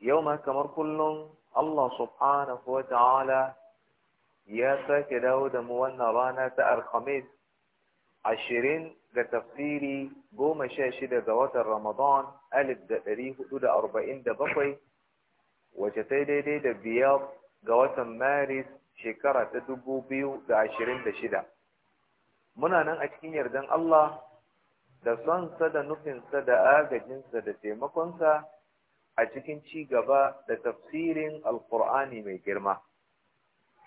yau ma kamar kullum Allah subhanahu wa ta'ala ya sake dawo da mu wannan rana ta alhamis ashirin ga tafsiri goma sha shida ga watan ramadan alif da ɗari hudu da arba'in da bakwai wace ta daidai da biyar ga watan maris shekara ta dubu biyu da ashirin da shida muna nan a cikin yardan Allah da sonsa da nufinsa da agajinsa da taimakonsa a cikin ci gaba da tafsirin alkur'ani mai girma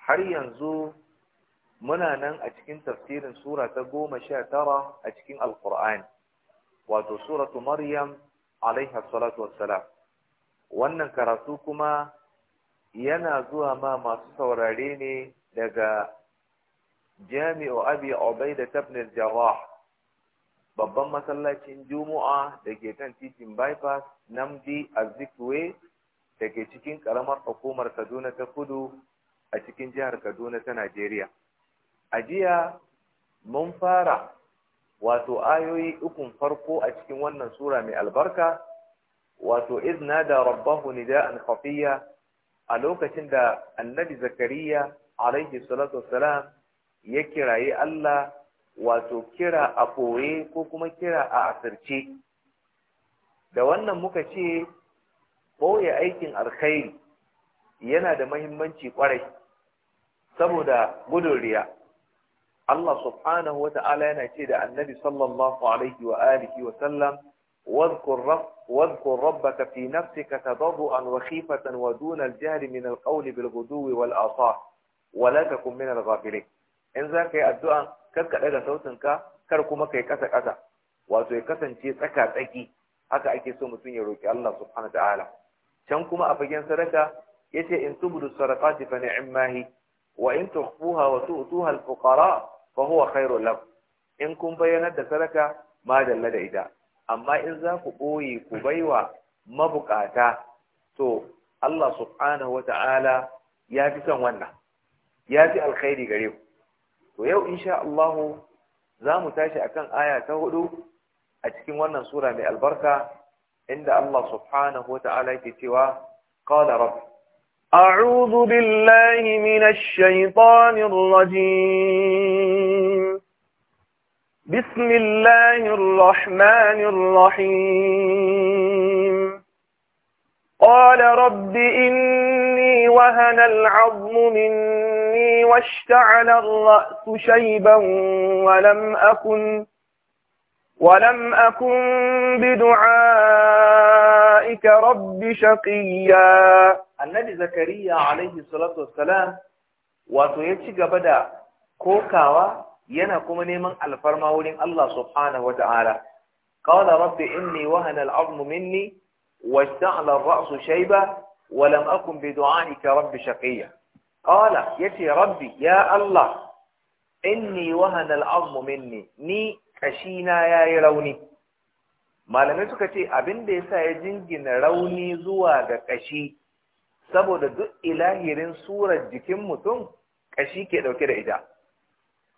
har yanzu muna nan a cikin tafsirin sura ta goma sha tara a cikin alkur'ani wato suratu maryam alaiha salatu wassalam wannan karatu kuma yana zuwa ma masu saurare ne daga jami'u abi ubaida ibn al-jarrah babban masallacin juma'a da ke kan titin bypass namdi azikwe dake cikin ƙaramar hukumar kaduna ta kudu a cikin jihar kaduna ta najeriya a jiya mun fara wato ayoyi ukun farko a cikin wannan sura mai albarka wato izna da rabbahu nida'an khafiya a lokacin da annabi zakariya alaihi salatu wassalam ya kiraye Allah wato kira a koye ko kuma kira a asirce da wannan muka ce ɓoye aikin alkhairi yana da mahimmanci ƙwarai saboda gudun riya Allah subhanahu wa ta'ala yana ce da annabi sallallahu alaihi wa alihi wa sallam واذكر ربك في نفسك تضرعا وخيفة ودون الجهل من القول بالغدو والآصال ولا تكن من الغافلين in za ka yi addu'a kakkaɗe da sautinka kar kuma ka yi ƙasa-ƙasa wato ya kasance tsaka-tsaki haka ake so mutum ya roki Allah subhanahu ta'ala can kuma a fagen sadaka yace in tubdu sadaqati fa ni'ma wa in tukhfuha wa tu'tuha al-fuqara fa huwa khairul lakum in kun bayyanar da sadaka ma dalla da ita amma in za ku boye ku baiwa mabukata to Allah subhanahu wata'ala ya fi son wannan ya fi alkhairi gare ku to yau insha Allah za mu tashi akan aya ta hudu a cikin wannan sura mai albarka inda Allah subhanahu wata'ala yake cewa qala rabb a'udhu billahi minash shaitanir rajim bismillahir rahmanir rahim qala rabbi inni wahana al'azmu minni washta'ala ar-ra'su shayban wa lam akun ولم أكن بدعائك رب شقيا النبي زكريا عليه الصلاة والسلام وتيتشي قبدا كوكاوا ينقم نيمن الفرما ولين الله سبحانه وتعالى قال رب إني وهن العظم مني واشتعل الرأس شيبا ولم أكن بدعائك رب شقيا قال يتي ربي يا الله إني وهن العظم مني ني ƙashina ya yi rauni malamai suka ce abin da ya sa ya jingina rauni zuwa ga ƙashi saboda duk ilahirin surar jikin mutum ƙashi ke dauke da ita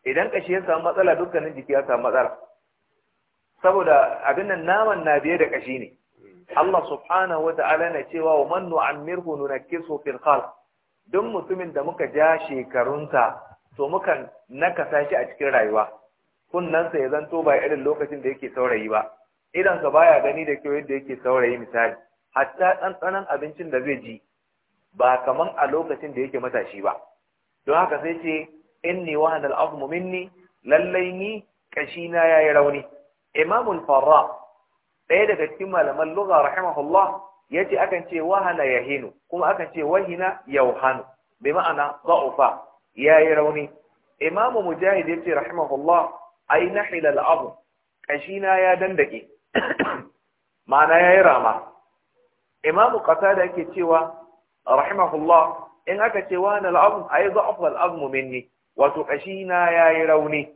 idan ƙashi ya samu matsala dukkanin jiki ya samu matsala saboda abin nan naman na biye da ƙashi ne Allah subhanahu ta'ala na cewa wa man nu'ammirhu nunakkisu fil khalq duk mutumin da muka ja shekarunsa to mukan nakasa shi a cikin rayuwa kunnansa ya zanto ba irin lokacin da yake saurayi ba idan ka baya gani da kyau yadda yake saurayi misali hatta ɗanɗanon abincin da zai ji ba kaman a lokacin da yake matashi ba don haka sai ce inni hanal al'azmu minni lallai ni kashi na yayi rauni imamul farra ɗaya daga cikin malaman lugha rahimahullah yace akan ce wahana yahinu kuma akan ce wahina yauhanu bi ma'ana da'ufa yayi rauni imamu mujahid yace rahimahullah ai nahila Kashi na ya dandake ma'ana yayi rama imamu da yake cewa rahimahullah in aka ce wani al'azm ai da'afa al'azm minni wato kashi na yayi rauni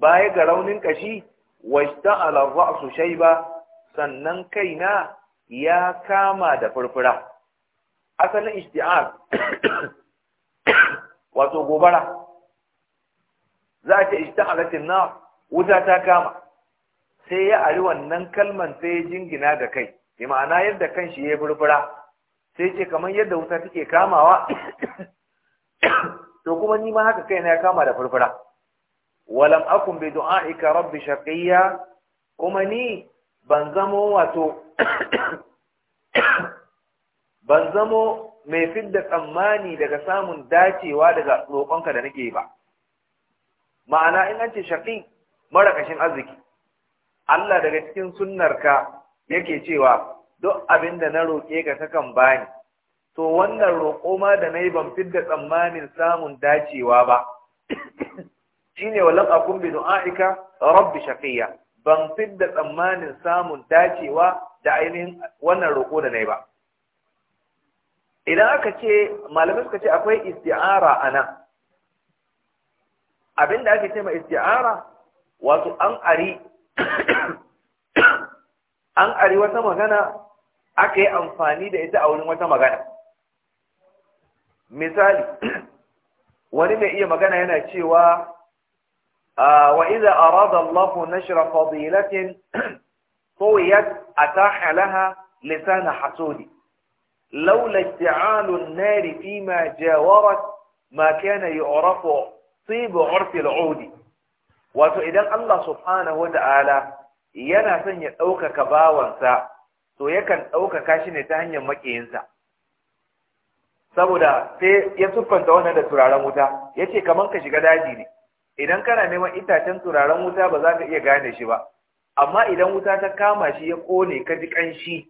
baya ga raunin kashi washta'ala su shai ba. sannan kaina ya kama da furfura asalin ishti'ar wato gobara za a ce alatin na wuta ta kama sai ya ari wannan kalman sai ya jingina ga kai bi ma'ana yadda kan shi ya burbura sai ce kamar yadda wuta take kamawa to kuma ni ma haka kaina ya kama da furfura walam akun bi du'aika rabbi shaqiyya kuma ni ban zamo wato ban zamo mai fidda tsammani daga samun dacewa daga roƙonka da nake ba ma'ana in an ce shaƙi mara kashin arziki Allah daga cikin sunnarka yake cewa duk abinda na roƙe ka kakan bani to wannan roƙo ma da nayi ban fi da tsammanin samun dacewa ba shine walan akun bi du'aika rabbi shaqiya ban fi da tsammanin samun dacewa da ainihin wannan roƙo da nayi ba idan aka ce malamai suka ce akwai isti'ara a nan. abin da ake ce ma isti'ara wato an ari an ari wata magana aka yi amfani da ita a wurin wata magana misali wani mai iya magana yana cewa wa idza arada Allah nashra fadilatin طويت أتاح لها لسان حسودي لولا اجتعال النار فيما جاورت ما كان يعرف sai ba urfi audi, wato idan Allah subhanahu wa ta'ala yana son ya ɗaukaka bawansa to yakan ɗaukaka shi ne ta hanyar makiyinsa saboda sai ya tuffanta wannan da turaren wuta yace kaman ka shiga daji ne idan kana neman itacen turaren wuta ba za ka iya gane shi ba amma idan wuta ta kama shi ya kone ka ji ƙanshi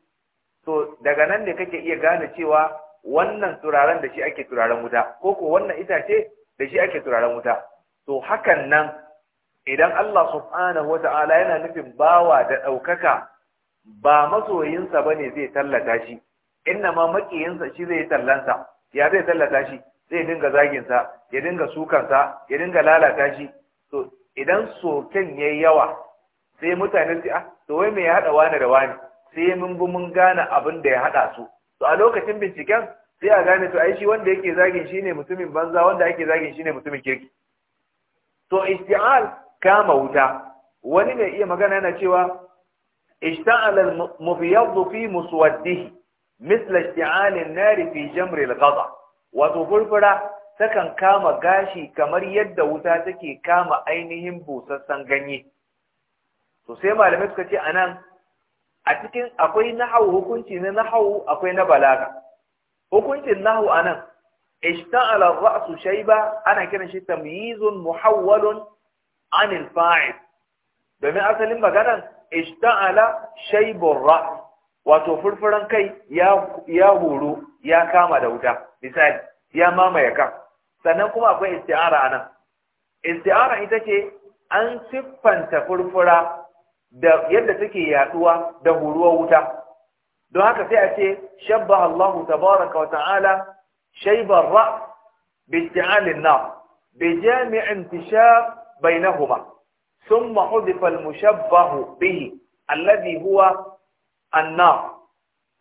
to daga nan ne kake iya gane cewa wannan turaren da shi ake turaren wuta ko ko wannan itace da shi ake turaren wuta to hakan nan idan Allah subhanahu wata'ala yana nufin bawa da ɗaukaka ba masoyinsa ba ne zai tallata shi inna ma maƙiyinsa shi zai tallanta, ya zai tallata shi zai dinga zaginsa ya dinga sukansa ya dinga lalata shi to idan soken ya yawa sai mutane su ah to wai me ya haɗa wani da wani sai mun bi mun gane abin da ya haɗa su to a lokacin binciken sai a gane to ai wanda yake zagin shine mutumin banza wanda yake zagin shine mutumin kirki to isti'al kama wuta wani mai iya magana yana cewa ishta'ala al fi muswaddihi misla isti'al an-nar fi jamr al-ghadha wato furfura takan kama gashi kamar yadda wuta take kama ainihin busassan ganye to sai malamai suka ce anan a cikin akwai nahau hukunci na nahau akwai na balaga hukuncin nahu anan Ishtar ar-ra'su ba ana kiran shi tamyizun muhawwalun anil fail domin asalin maganan Ishtar shaybur ra's wato furfuran kai ya horo ya kama da wuta misali ya mamaye ka sannan kuma akwai isti'ara anan isti'ara ita ce an siffanta furfura da yadda take yaduwa da horuwar wuta don هكا sai a ce shabba Allahu tabaraka wa ta'ala shaibar ra bisti'alin na ثم حذف المشبه به الذي هو النار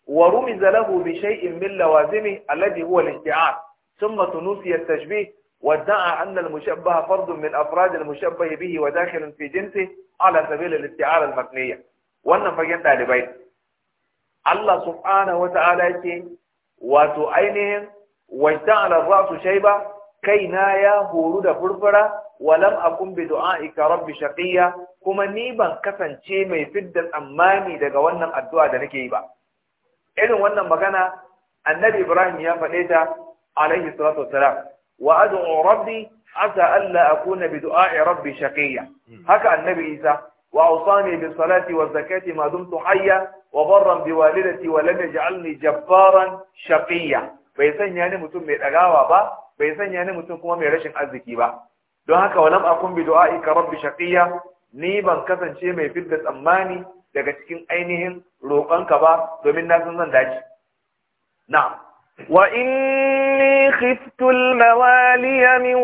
ورمز له بشيء من لوازمه الذي هو الاشتعال ثم تنوسي التشبيه وادعى أن المشبه فرد من أفراد المشبه به وداخل في جنسه على سبيل الاستعارة المبنية وأن فجنت بيته Allah subhanahu wata'ala yake wato ainihin wajta'ala ar-ra'su shayba kaina ya horu da furfura walam akun bi du'aika rabbi shaqiya kuma ni ban kasance mai fidda tsammani daga wannan addu'a da nake yi ba irin wannan magana annabi ibrahim ya faɗe ta alaihi salatu wassalam wa ad'u rabbi asa alla akuna bi du'a'i rabbi shaqiya hmm. haka annabi isa wa awsani bis salati wa zakati ma dumtu hayya وبرا بوالدتي ولم يجعلني جبارا شقيا bai sanya ni mutum mai dagawa ba bai sanya ni mutum kuma mai rashin arziki ba don haka walam akun bi du'a'i ka rabbi shaqiya ni ban kasance mai fidda tsammani daga cikin ainihin roƙonka ba domin na san zan dace na'am وإني خفت الموالي من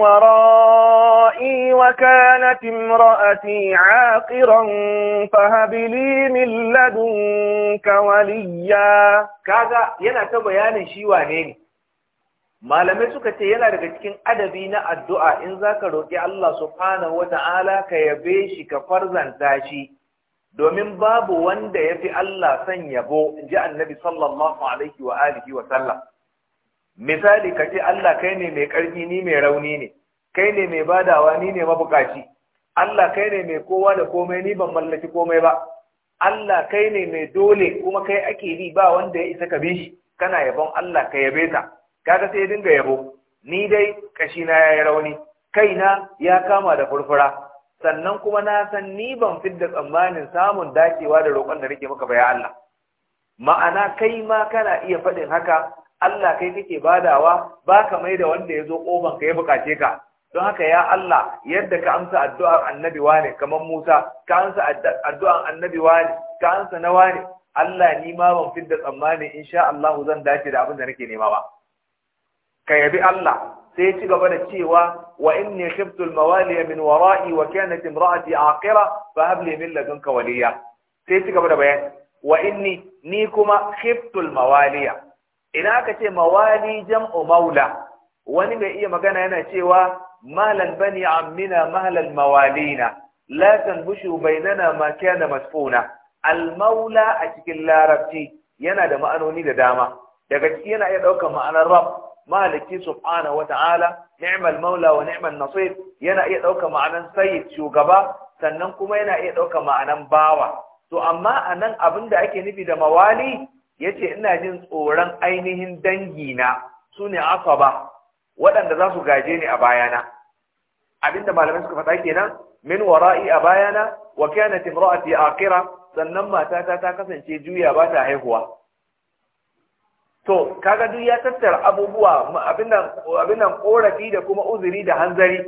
ورائي وكانت امرأتي عاقرا فهب لي من لدنك وليا كذا ينا تبيان شيوا نيني malamai suka ce yana daga cikin adabi na addu'a in za ka roƙi Allah subhanahu waTa'ala ka yabe shi ka farzanta shi domin babu wanda ya fi Allah son yabo inji ji annabi sallallahu alaihi wa alihi wa sallam misali ka Allah kai ne mai ƙarfi ni mai rauni ne kai ne mai badawa ni ne mabukaci Allah kai ne mai kowa da komai ni ban mallaki komai ba Allah kai ne mai dole kuma kai ake bi ba wanda ya isa ka bi shi kana yabon Allah ka yabe ta kaga sai dinga yabo ni dai kashi na yayi rauni kaina ya kama da furfura sannan kuma na san ni ban fidda tsammanin samun dacewa da roƙon da nake maka baya Allah ma'ana kai ma kana iya faɗin haka Allah kai kake badawa ba ka mai da wanda ya zo kobanka ya buƙace ka don haka ya Allah yadda ka amsa addu'ar annabi wane kamar Musa ka amsa addu'ar annabi wane ka amsa na wane Allah ni ma ban fidda tsammanin insha Allah zan dace da abin da nake nema ba ka yabi Allah sai ya ci gaba da cewa wa inni khiftu al-mawali min wara'i wa kanat imra'ati aqira fa hab li min ladunka waliya sai ya ci gaba da bayani wa inni ni kuma khiftu al-mawaliya ina aka ce mawali jam'u maula wani mai iya magana yana cewa malan bani ammina mahlal mawalina la tanbushu bainana ma kana masfuna al-maula a cikin larabci yana da ma'anoni da dama daga ciki yana iya ɗaukar ma'anar rab maliki subhanahu wata'ala ni'mal maula wa ni'mal nasir yana iya dauka ma'anan sayyid shugaba sannan kuma yana iya dauka ma'anan bawa to amma anan abinda ake nufi da mawali yace ina jin tsoron ainihin dangi na sune asaba waɗanda za su gaje ni a bayana abinda malamai suka faɗa kenan min wara'i a bayana wa kanat imra'ati aqira sannan matata ta kasance juya ba ta haihuwa to kaga duk ya tattara abubuwa abin nan korafi da kuma uzuri da hanzari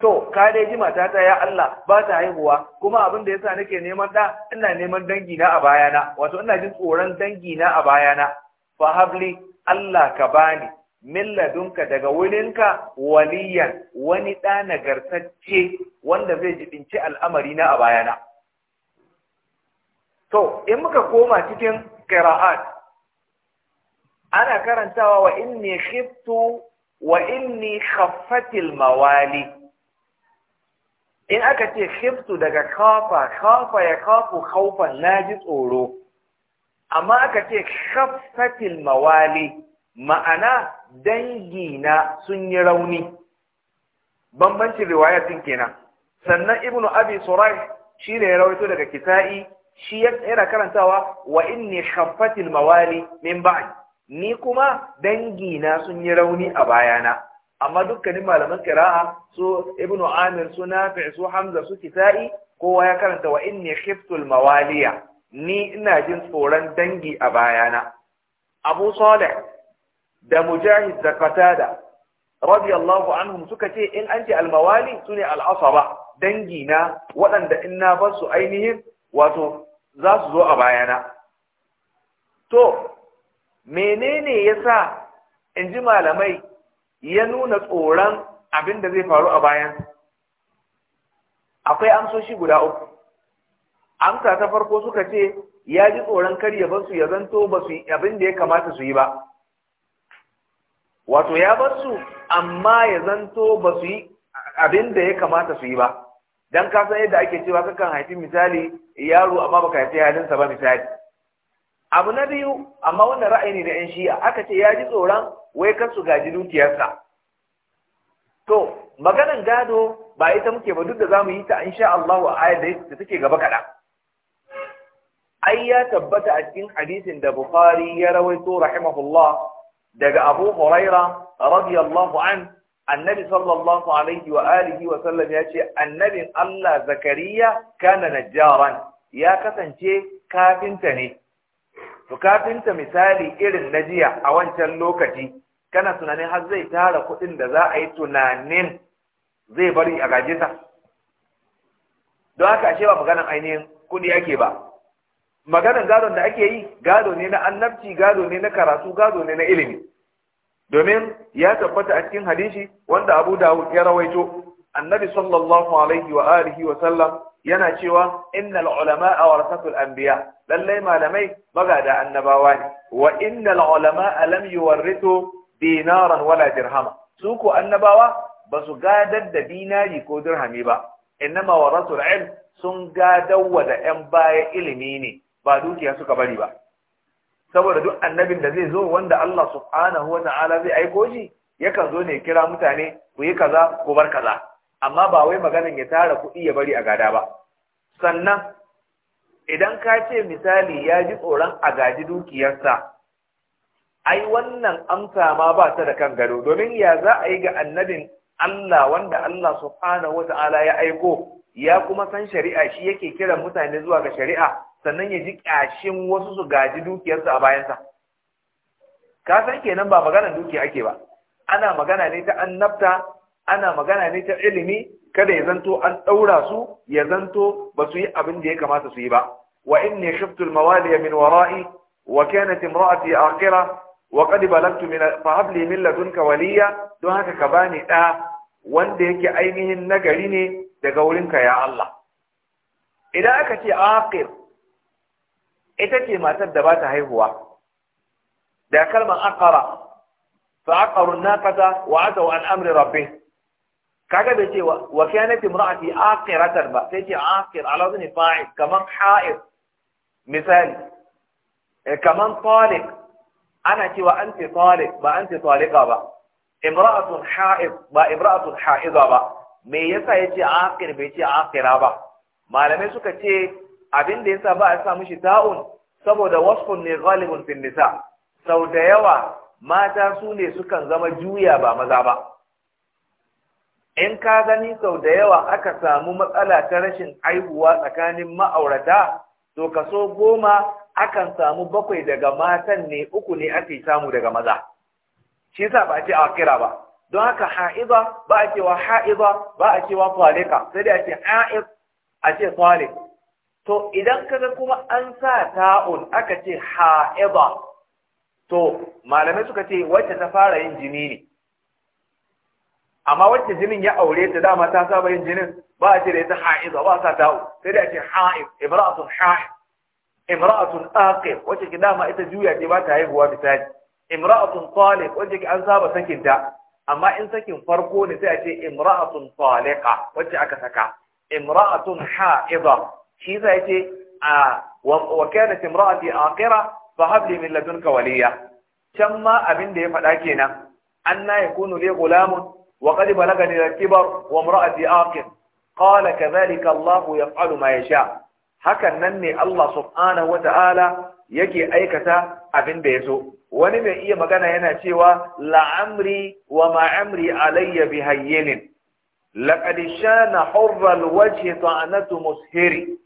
to ka dai ji matata ya Allah ba ta haihuwa kuma abin da yasa nake neman da ina neman dangi na a bayana wato ina jin tsoron dangi na a bayana fa habli Allah ka bani milladunka ladunka daga wurinka waliyan wani ɗa nagartacce wanda zai jibinci al'amari na a bayana to in muka koma cikin qira'at ana karantawa wa inni khiftu wa inni khaffatil mawali in aka ce khiftu daga kafa kafa ya kafu kaufan naji tsoro amma aka ce khaffatil mawali ma'ana dangi na sun yi rauni bambancin riwayatin kenan sannan ibnu abi suraih shi ne ya rawaito daga kisa'i shi yana karantawa wa inni khaffatil mawali min ba'di ni kuma dangi na sun yi rauni a bayana amma dukkanin malaman kira'a su ibnu amir su nafi su hamza su kisa'i kowa ya karanta wa ne khiftul mawaliya ni ina jin tsoron dangi a bayana abu salih da mujahid da qatada radiyallahu anhum suka ce in an ce almawali sune al'asaba dangi na waɗanda in na bar su ainihin wato za su zo a bayana to menene yasa in ji malamai ya nuna tsoron abin da zai faru a bayan akwai amsoshi guda uku amsa ta farko suka ce ya ji tsoron kar ya bar ya zanto ba su abin da ya kamata su yi ba wato ya bar amma ya zanto ba su yi abin da ya kamata su yi ba dan ka san yadda ake cewa kakan haifi misali yaro amma baka haifi halinsa ba misali abu na biyu amma wannan ra'ayi ne da yan shi'a aka ce ya ji tsoron wai kan su gaji dukiyarsa to maganan gado ba ita muke ba duk da zamu yi ta insha Allah a ayar da take gaba kaɗan. ai ya tabbata a cikin hadisin da Bukhari ya rawaito rahimahullah daga Abu Huraira radiyallahu an annabi sallallahu alaihi wa alihi wa sallam ya ce annabin Allah Zakariya kana najjaran ya kasance kafinta ne bukatunta misali irin na jiya a wancan lokaci kana tunanin har zai tara kuɗin da za a yi tunanin zai bari a gajisa don haka ashe ba maganan ainihin kuɗi ake ba maganan gadon da ake yi gado ne na annabci gado ne na karatu gado ne na ilimi domin ya tabbata a cikin hadisi wanda abu dawud ya rawaito annabi sallallahu alaihi wa alihi wa sallam yana cewa innal ulama'a warasatul anbiya lallai malamai magada annabawa ne wa innal ulama'a lam yuwarrithu dinaran wala dirhama su ko annabawa ba su gadar da dinari ko dirhami ba innama warasul ilm sun gadawwa da yan baya ilimi ne ba dukiya suka bari ba saboda duk annabin da zai zo wanda Allah subhanahu wa ta'ala zai aiko shi yakan zo ne kira mutane ku yi kaza ku bar kaza amma ba wai maganan ya tara kuɗi ya bari a gada ba sannan idan ka ce misali ya ji tsoron a gaji dukiyarsa ai wannan amsa ma ba ta da kan gado domin ya za a yi ga annabin Allah wanda Allah subhanahu wata'ala ya aiko ya kuma san shari'a shi yake kiran mutane zuwa ga shari'a sannan ya ji ƙyashin wasu su gaji dukiyarsa a bayansa ka san kenan ba maganar dukiya ake ba ana magana ne ta annabta ana magana ne ta ilimi kada ya zanto an ɗaura su ya zanto ba su yi abin da ya kamata su yi ba wa inni khiftu al-mawaliya min wara'i wa kanat imra'ati aqira wa qad balagtu min fa min ladunka waliya don haka ka bani da wanda yake ainihin nagari ne daga wurinka ya Allah idan aka ce aqir ita ce matar da ba ta haihuwa da kalmar aqara fa aqaru an-naqata wa ataw an amri rabbih kaga bai ce wa kanat imra'ati aqiratan ba sai ce aqir ala wazni fa'il kaman ha'ir misali eh, kaman talik ana cewa anti talik ba anti talika ba imra'atun ha'id ba imra'atun ha'iza ba me yasa yace aqir bai ce aqira ba malamai suka ce abin da yasa ba a sa mishi ta'un saboda wasfun ne ghalibun fil nisa sau da yawa mata su ne sukan zama juya ba maza ba in ka gani sau da yawa aka samu matsala ta rashin haihuwa tsakanin ma'aurata to kaso goma akan samu bakwai daga matan ne uku ne ake samu daga maza shi yasa ba a ce a kira ba don haka ha'iza ba a cewa ha'iza ba a cewa falika sai dai a ce ha'ib a ce falik to idan kaga kuma an sa ta'un aka ce ha'iza to malamai suka ce wacce ta fara yin jini ne amma wacce jinin ya aure ta dama ta saba yin jinin ba a ce da ita ha'iza ba sa dawo. sai da ake ha'ib imra'atun ha'ib imra'atun aqil wacce ki dama ita juya ce ba ta haihuwa misali imra'atun talib wacce ki an saba sakin ta amma in sakin farko ne sai a ce imra'atun taliqa wacce aka saka imra'atun ha'iza shi sai ce a wa kanat imra'ati aqira fa hab li min ladunka waliya can ma abin da ya faɗa kenan anna yakunu li ghulamun وقد بلغني الكبر وامرأتي آقر قال كذلك الله يفعل ما يشاء haka nan ne Allah subhanahu wata'ala yake aikata abin da ya so wani mai iya magana yana cewa la'amri wa ma'amri alayya bi hayyinin laqad shana hurral wajhi ta'anatu mushiri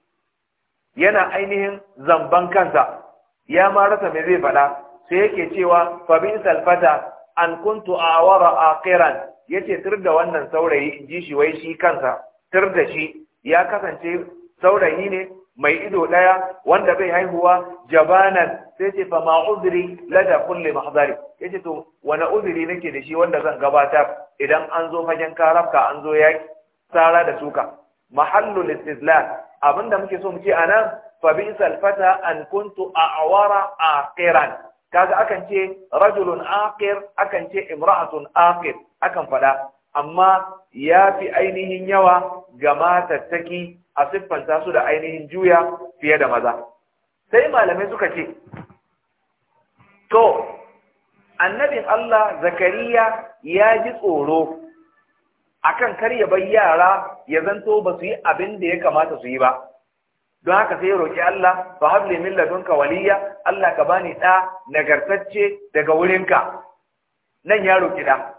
yana ainihin zamban kansa ya ma rasa me zai faɗa sai yake cewa fa bi salfata an kuntu awara aqiran yace tur da wannan saurayi in ji shi wai shi kansa tur da shi ya kasance saurayi ne mai ido ɗaya, wanda bai haihuwa jabanan sai ce fa ma lada kulli mahzari yace to wani uzuri nake da shi wanda zan gabatar idan an zo fagen karafka an zo ya tsara da suka mahallul istidlal abinda muke so mu ce anan fa bi fata an kuntu a'wara aqiran kaga akan ce rajulun aqir akan ce imra'atun aqir akan faɗa amma ya fi ainihin yawa ga matattaki a siffanta su da ainihin juya fiye da maza sai malamai suka ce to annabin Allah zakariya ya ji tsoro akan kar ya bar yara ya zanto ba su yi abin da ya kamata su yi ba don haka sai ya roƙi Allah fa habli min ladunka waliya Allah ka bani da nagartacce daga wurinka nan ya roƙi da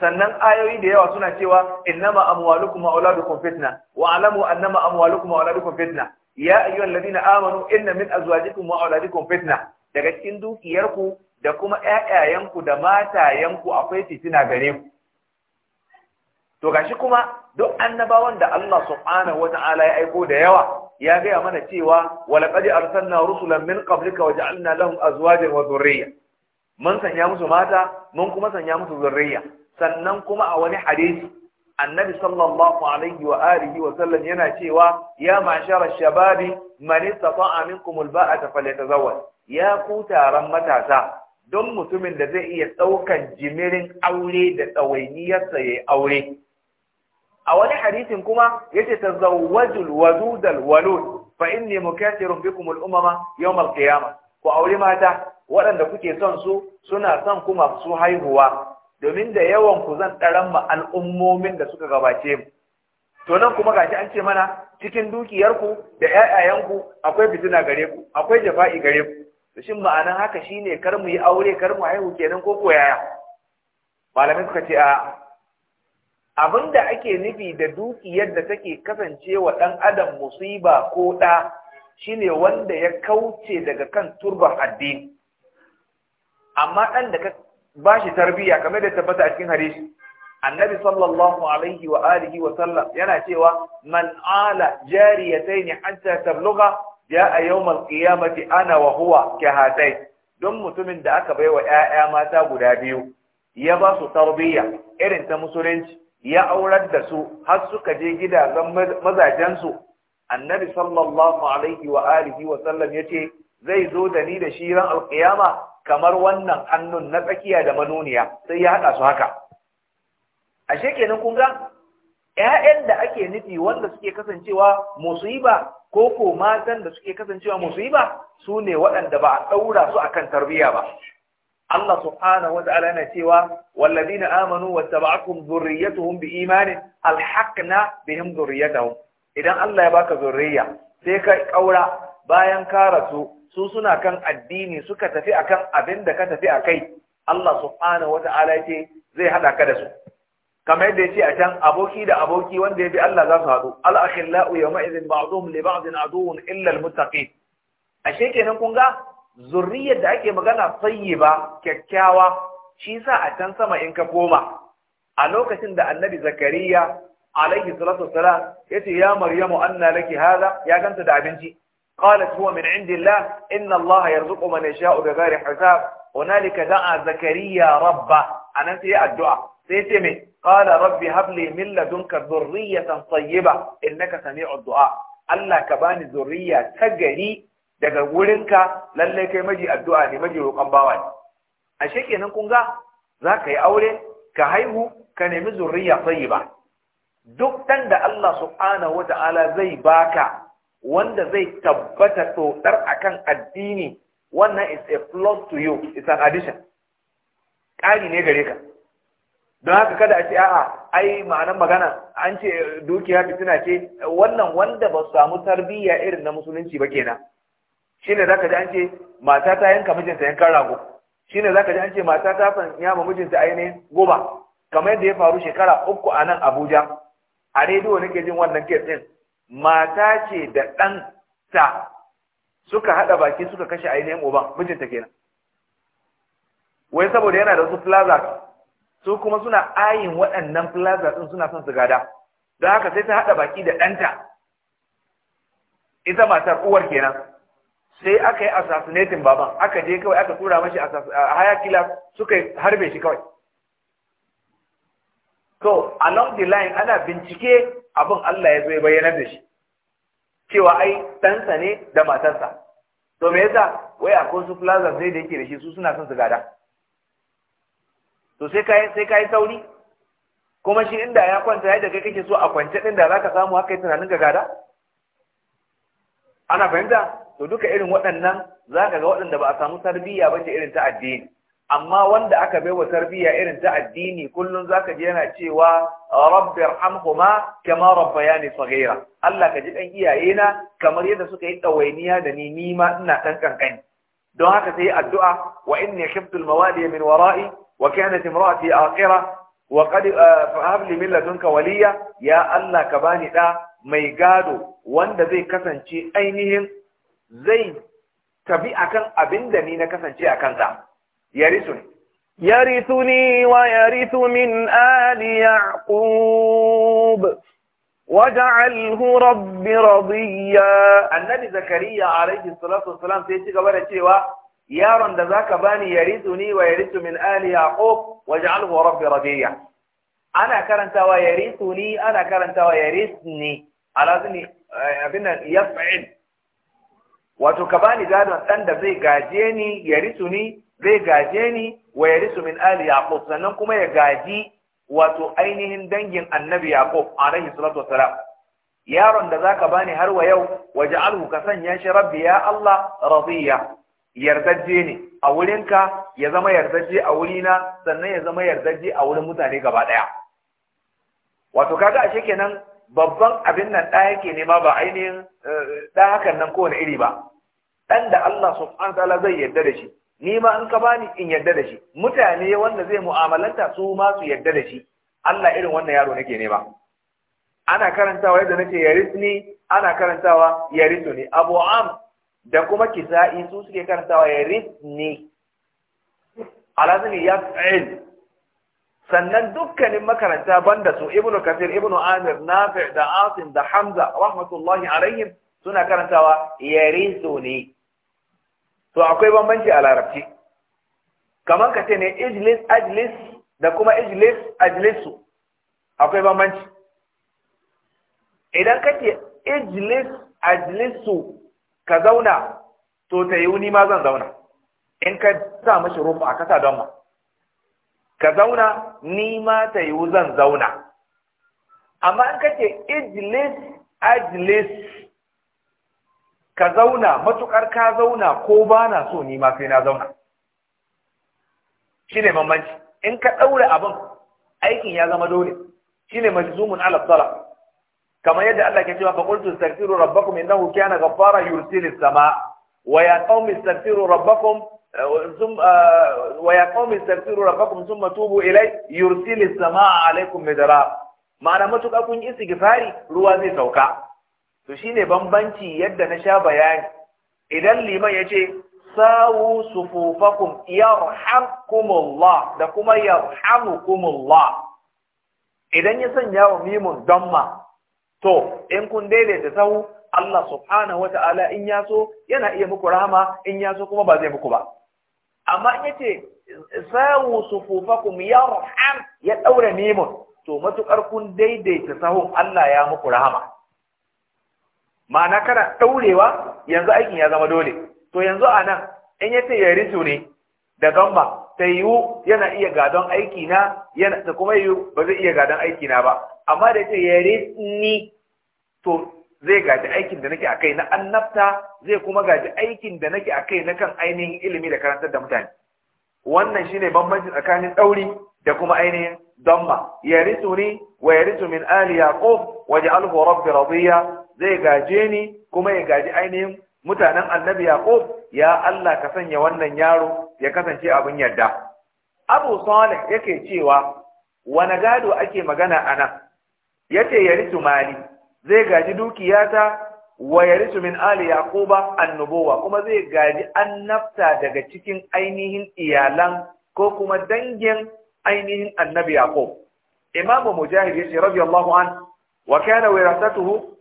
sannan ayoyi da yawa suna cewa innama amwalukum wa auladukum fitna wa alamu annama amwalukum wa auladukum fitna ya ayyuhal ladina amanu inna min azwajikum wa auladikum fitna daga cikin dukiyarku da kuma ƴaƴayenku da matayenku akwai fitina gare ku to gashi kuma duk annabawan da Allah subhanahu wata'ala ya aiko da yawa ya gaya mana cewa walaqad arsalna rusulan min qablika wa ja'alna lahum azwajan wa dhurriyya mun sanya musu mata mun kuma sanya musu zurriya sannan kuma a wani hadisi annabi sallallahu alaihi wa alihi wa sallam yana cewa ya mashara shababi man istata'a minkum alba'ata falyatazawwaj ya ku taron matasa don mutumin da zai iya daukan jimirin aure da tsawainiyar sa yayi aure a wani hadisin kuma yace tazawwajul wadudal walud fa inni mukathirun bikum al-umama yawm al-qiyamah ku aure mata waɗanda kuke son su suna son kuma su haihuwa domin da yawan ku zan ɗaran mu al'ummomin da suka gabace mu to nan kuma gashi an ce mana cikin dukiyarku da ƴaƴayenku akwai fitina gare ku akwai jafa'i gare ku to shin ma'anan haka shine kar mu yi aure kar mu haihu kenan ko ko yaya malamai suka ce a abin da ake nufi da dukiyar da take kasancewa ɗan adam musiba ko ɗa shine wanda ya kauce daga kan turban addini amma ɗan da ka ba shi tarbiyya kamar da tabbata a cikin hadisi annabi sallallahu alaihi wa alihi wa sallam yana cewa man ala jariyatayn hatta tablugha jaa a alqiyamati ana wa huwa kahatai don mutumin da aka baiwa 'ya'ya mata guda biyu ya ba su tarbiyya irin ta musulunci ya aurar da su har suka je gidajen mazajensu annabi sallallahu alaihi wa alihi wa sallam yace zai zo da ni da shi ran alqiyama kamar wannan hannun na tsakiya da manuniya sai ya haɗa su haka ashe kenan kunga, ya'yan da ake nufi wanda suke kasancewa musiba ko ko matan da suke kasancewa musiba su ne waɗanda ba a ɗaura su akan tarbiyya ba Allah subhanahu wa ta'ala yana cewa walladina amanu wattaba'akum dhurriyyatuhum biimanin alhaqna bihim dhurriyyatahum idan Allah ya baka zurriya sai ka ƙaura bayan ka rasu su suna kan addini suka tafi akan abin da ka tafi kai. Allah subhanahu wata'ala yake zai hada ka da su kamar yadda yace a can aboki da aboki wanda ya bi Allah za su hadu al akhillau yawma idhin ba'dhum li ba'dhin aduwwun illa al muttaqin ashe kenan kun ga zurriyar da ake magana tayyiba kyakkyawa shi sa a can sama in ka koma a lokacin da annabi zakariya alaihi salatu wassalam yace ya maryamu anna laki hada ya ganta da abinci قالت هو من عند الله إن الله يرزق من يشاء بغير حساب هنالك دعا زكريا ربه أنا سيئة الدعاء سيتمي قال ربي هب لي من لدنك ذرية طيبة إنك سميع الدعاء الله كباني ذرية تجري daga wurinka lallai kai maji addu'a ne maji roƙon bawa ne ashe kenan kun ga za ka yi aure ka haihu ka nemi zurriya tsayi ba duk ɗan Allah subhanahu zai baka wanda zai tabbata tsotsar akan addini wannan is a plus to you it's an addition ƙari ne gare ka don haka kada a ce a'a ai ma'anar magana an ce dukiya fitina ce wannan wanda ba su samu tarbiyya irin na musulunci ba kenan za zaka ji an ce mata ta yanka mijinta yanka rago za zaka ji an ce mata ta fanya ma mijinta ainihin goma? kamar yadda ya faru shekara uku a nan Abuja a rediyo nake jin wannan kes ɗin. mata ce da ɗan ta suka haɗa baki suka kashe ainihin uban mijinta kenan wai saboda yana da su plaza su kuma suna ayin waɗannan plaza ɗin suna son su gada don haka sai ta haɗa baki da ɗanta ita matar uwar kenan sai aka yi assassinating baban aka je kawai aka tura mashi a hayakila suka harbe shi kawai so along the line ana bincike abin Allah ya zo ya bayyana da shi cewa ai tansa ne da matarsa to me yasa wai a su plaza zai da yake da shi su suna son su gada to sai kai sai sauri kuma shi inda ya kwanta yadda kai kake so a kwance din da zaka samu haka yi tunanin ga gada ana fahimta to duka irin waɗannan zaka ga waɗanda ba a samu tarbiyya ba ce irin ta addini amma wanda aka baiwa tarbiyya irin ta addini kullun zaka ji yana cewa rabbi irhamhuma kama rabbayani saghira Allah ka ji dan iyayena kamar yadda suka yi dawainiya da ni nima ina dan kankani don haka sai addu'a wa inni khiftu almawali min wara'i wa kanat imraati aqira wa qad eh, fahab min ladunka waliya ya Allah ka bani da mai gado wanda zai kasance ainihin zai tabi akan abinda ni na kasance akan sa يرثني يرثني ويرث من آل يعقوب وجعله رب رضيا النبي زكريا عليه الصلاة والسلام سيتي قبل الشيوة يارا ذاك باني يرثني ويرث من آل يعقوب وجعله رب رضيا أنا كرنت ويرثني أنا كرنت ويرثني على ذني آه، يفعل wato ka bani gadon ɗan da zai gaje ni ya risu ni zai gaje ni wa ya risu min ali yaqub sannan kuma ya gaji wato ainihin dangin annabi yaqub alaihi salatu wasalam yaron da zaka bani har wa yau waj'alhu ka sanya shi rabbi ya allah radiya yardaje ne a wurinka ya zama yardaje a wurina sannan ya zama yardaje a wurin mutane gaba daya wato kaga ashe kenan babban abin nan ɗaya yake nema ba ainihin eh, ɗan hakan nan kowane iri ba ɗan da Allah subhanahu ta'ala zai yadda da shi ni ma in ka bani in yadda da shi mutane wanda zai mu'amalanta su ma su yarda da shi Allah irin wannan yaro nake nema ana karantawa yadda nace yarisni ana karantawa yarisuni Abu Am da kuma Kisa'i su suke karantawa yarisni alazini yaf'il sannan dukkanin makaranta banda su ibnu kafir ibnu amir nafi da asim da hamza rahmatullahi alaihim suna karantawa yarisu ne to akwai bambanci a larabci kamar ka ce ne ijlis ajlis da kuma ijlis ajlisu akwai bambanci idan ka ce ijlis ajlisu ka zauna to ta yi ma zan zauna in ka sa mashi rufa a kasa don ma ka zauna ni ma ta yiwu zan zauna amma an kake ijlis ajlis ka zauna matuƙar ka zauna ko ba na so ni ma sai na zauna shi ne mamanci in ka ɗaure abin aikin ya zama dole shi ne majzumun ala tsara kamar yadda Allah ke cewa faqultu istaghfiru rabbakum innahu na ghaffara yursilis sama wa ya qaumi istaghfiru rabbakum wa qaumi istaghfiru rabbakum thumma tubu ilai yursilis samaa alaikum midra ma'ana matuƙa kun yi gifari, ruwa zai sauka to shine bambanci yadda na sha bayani idan liman ya ce sawu sufufakum yarhamkumullah da kuma yarhamukumullah idan ya sanya wa mimun damma to in kun daidaita sahu Allah subhanahu ta'ala in yaso yana iya muku rahama in yaso kuma ba zai muku ba amma in yace sawu sufufakum yarham ya daura mimun to matukar kun daidaita sahun Allah ya muku rahama ma'ana kana daurewa yanzu aikin ya zama dole to yanzu anan in yace ya rito ne da gamba tayu yiwu yana iya gadon aiki na yana da kuma yiwu ba zai iya gadon aiki na ba amma da yace ya ni to zai gaji aikin da nake a kai na annabta zai kuma gaji aikin da nake a kai na kan ainihin ilimi da karantar da mutane wannan shine bambanci tsakanin ɗauri da kuma ainihin damma yari ni wa yarisu min ali yaqub waj'alhu rabbi radiya zai gaje ni kuma ya gaji ainihin mutanen annabi yaqub ya Allah ka sanya wannan yaro ya kasance abin yarda abu salih yake cewa wani gado ake magana anan yace yarisu mali zai gaji dukiyata wa yarisu min ali yaquba annubuwa kuma zai gaji annabta daga cikin ainihin iyalan ko kuma dangin ainihin annabi yaqub imam mujahid yace radiyallahu an wa kana wirasatuhu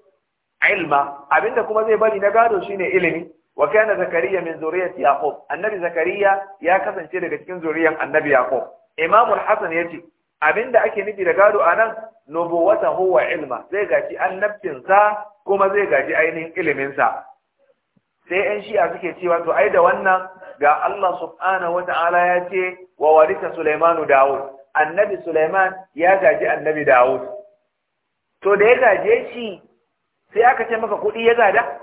ilma abinda kuma zai bari na gado shine ilimi wa kana zakariya min zuriyati yaqub annabi zakariya ya kasance daga cikin zuriyan annabi yaqub imam al-hasan yace Abin da ake nufi da gado a anan wata huwa ilma zai gaji annabcinsa kuma zai gaji ainihin iliminsa sai yan shi'a suke cewa to ai da wannan ga Allah subhanahu wata'ala ya ce wa warisa Sulaimanu Dawud annabi Sulaiman ya gaji annabi Dawud to da ya gaje shi sai aka ce maka kuɗi ya gada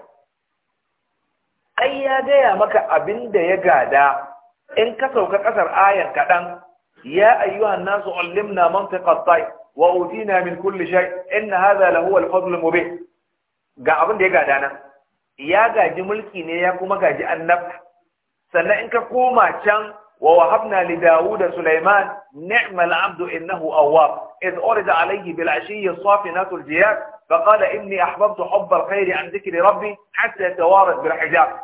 ai ya gaya maka abin da ya gada in ka sauka ƙasar ayan kaɗan يا أيها الناس wa منطقة الطيب وأوتينا من كل شيء إن هذا لهو الفضل المبين ga abin ya gada nan ya gaji mulki ne ya kuma gaji annabta sannan in ka koma can wa wahabna li dawud da sulaiman ni'mal abdu innahu awwab iz urida alayhi bil ashiyyi safinatul jiyad fa qala inni ahbabtu hubb Kairi khair an dhikri rabbi hatta tawarat bil hijab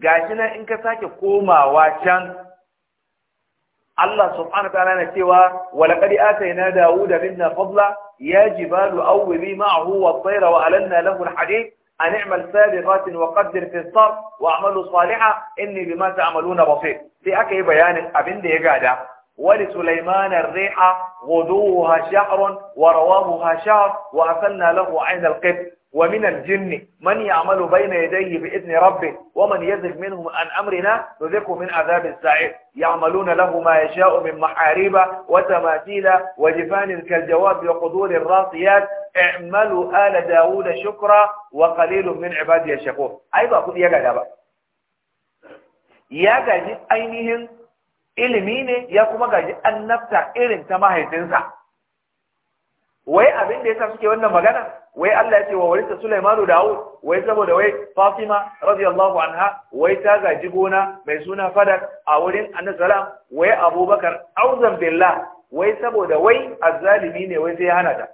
gashi nan in ka sake komawa can Allah subhanahu wa ta'ala yana cewa wa laqad atayna dawuda minna fadla ya jibalu awwi ma'ahu wat-tayra wa alanna lahu al-hadid an i'mal sabiqatin wa qaddir fi as-sarf wa a'malu salihan inni bima ta'maluna basir sai aka yi bayanin abin da ya gada wa li sulaiman ar-riha ghuduha shahrun wa rawahuha shahr wa asalna lahu 'ayn al-qib ومن الجن من يعمل بين يديه بإذن ربه ومن يزغ منهم عن أمرنا نذقه من عذاب السعير يعملون له ما يشاء من محاريب وتماثيل وجفان كالجواب وقدور الراسيات اعملوا آل داود شكرا وقليل من عبادي الشكور أيضا كل يقعد أبا ya gaji ainihin ilimi ne ya kuma gaji annabta irin ta mahaifinsa wai abin da yasa suke wannan magana wai Allah ya ce wa warisa da Dawud wai saboda wai Fatima radiyallahu anha wai ta gaji gona mai suna Fadak a wurin Annabi sallam wai Abubakar auzan billah wai saboda wai azzalimi ne wai sai hana ta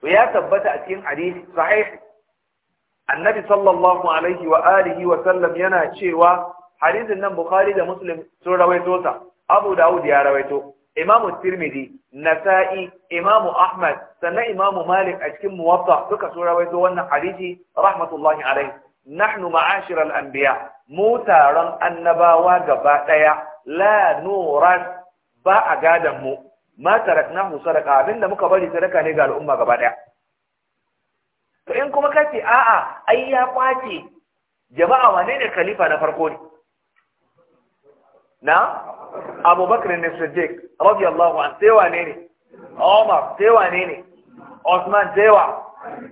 to ya tabbata a cikin hadisi sahih Annabi sallallahu alaihi wa alihi wa sallam yana cewa hadisin nan Bukhari da Muslim sun rawaito ta. Abu Dawud ya rawaito imamu tirmidhi nasa'i imamu ahmad sannan imamu malik a cikin muwatta duka su rawaito wannan hadisi rahmatullahi alaihi nahnu ma'ashir al-anbiya mu taron annabawa gaba daya la nuran ba a gadan mu ma taraknahu sadaqa abinda muka bari sadaka ne ga al'umma gaba daya in kuma kace a'a ai ya jama'a wane ne khalifa na farko ne na abubakar ne siddiq radiyallahu an sai wane ne umar sai wane ne usman sai wa